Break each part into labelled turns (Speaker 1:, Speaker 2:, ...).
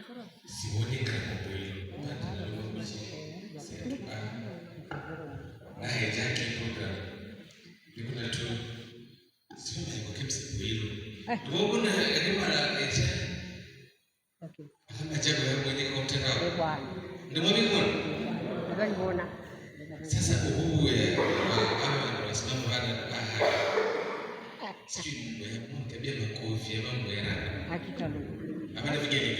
Speaker 1: sioni okay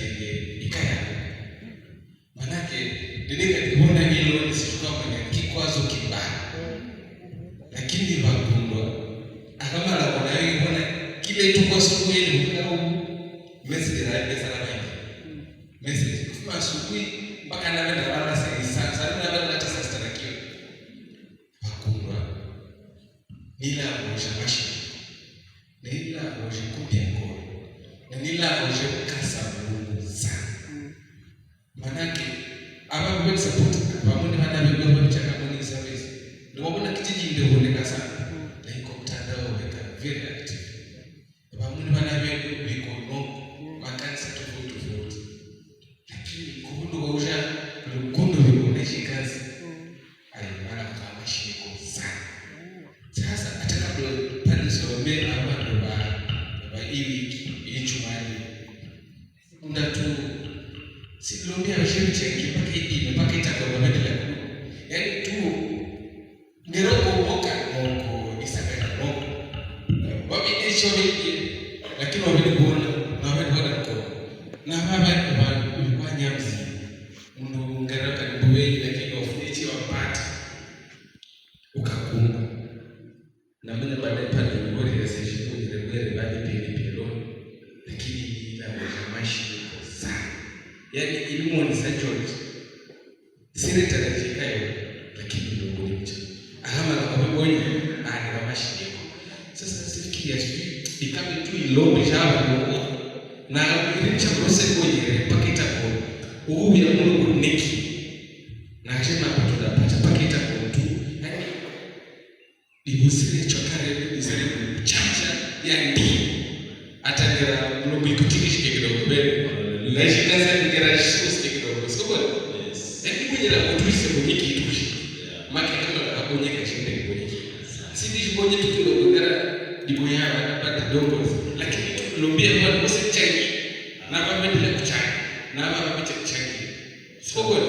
Speaker 1: asubuhi mpaka anaenda labda saa sabini na mbili hata saa sita na kitu hakuna nilangosha mashini nilangoshe kupya ngoro nilangoshe ili ijuani sikunda tu silombia shiri chengi mpaka idine mpaka itakuwa mabedela kuno yani tu mboko isaka mongo mboko mongo isho hiki lakini wabidi kuona na wabidi kuona mko na baba kwa nyamzi mundu ngaraka ndibuweni lakini wafuichi wapata ukakumba na mwenye baadaye pale ngori ya sisi kwenye yani ni sajoti St. tarifika yu lakini ndio mcha alama za kubonya ani ah, ramashideko. Sasa sifiki ya sijui ikami tu ilombi shaba mungu na kuirisha kose kwenye pakita kwa uhu ya Mungu niki na kutuda tunapata pakita kwa mtu yaani ibusire chokare izere mchacha ya ndio atagera mungu kutikishike kidogo mbele Maisha kazi ni kirahisi kidogo, sio bwana? Yes. Lakini kwenye la kutuisi kwenye kitu. Maki kama hapo nyeka chinde kwenye kitu. Sisi ndipo nje tukiwa ngara ndipo yao anapata dongo. Lakini tulombia watu wasichangi. Na kama bila kuchangi. Na kama bila kuchangi. Sio bwana?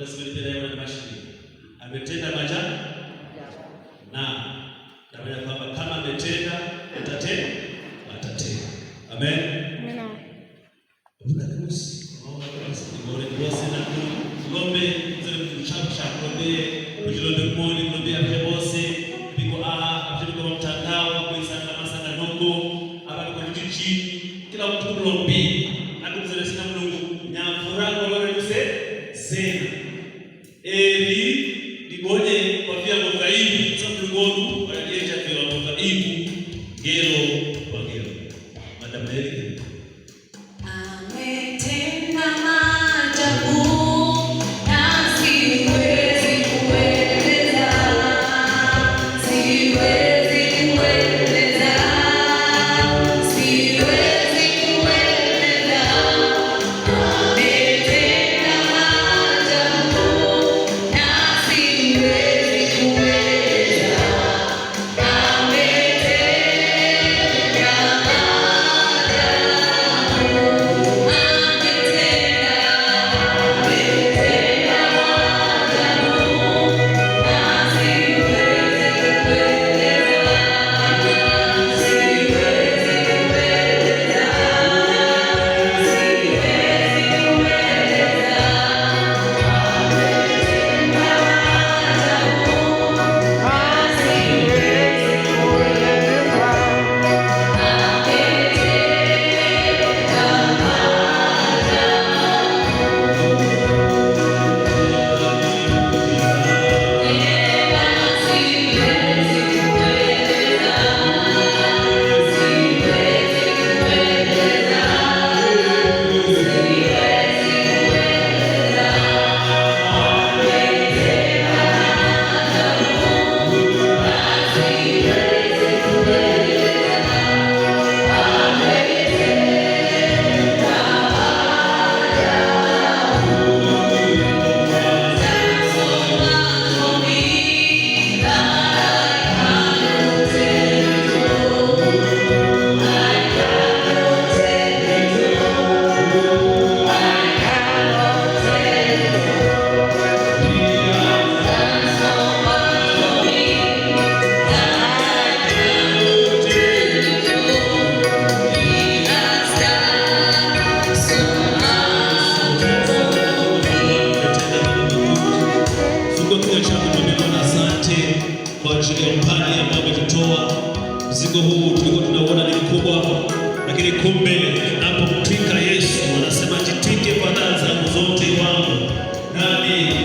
Speaker 1: tasbiri tena halmashauri ametenda majani and a million. Napomtwika Yesu anasema, kwa fadhaa zangu zote wangu nami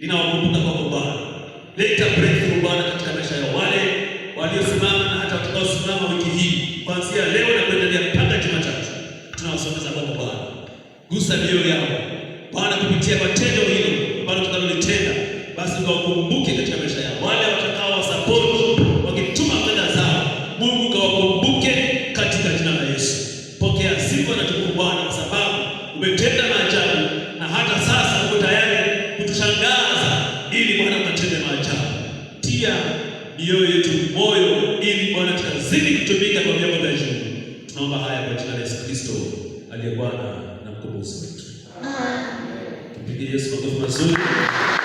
Speaker 1: ninawakumbuka kwa Bwana. Leta breakthrough Bwana katika maisha ya wale waliosimama na hata watakaosimama wiki hii kuanzia leo na kuendelea mpaka Jumatatu. Tunawasogeza kwa Bwana, gusa mioyo yao Bwana kupitia matendo hilo ambalo tutalolitenda, basi ukawakumbuke katika maisha yao wale watakao wasapoti mioyo yetu moyo, ili Bwana tutazidi kutumika kwa vyombo vya juu. Tunaomba haya kwa jina la Yesu Kristo aliye Bwana na mkombozi wetu. Amen. Tupigie Yesu makofi mazuri.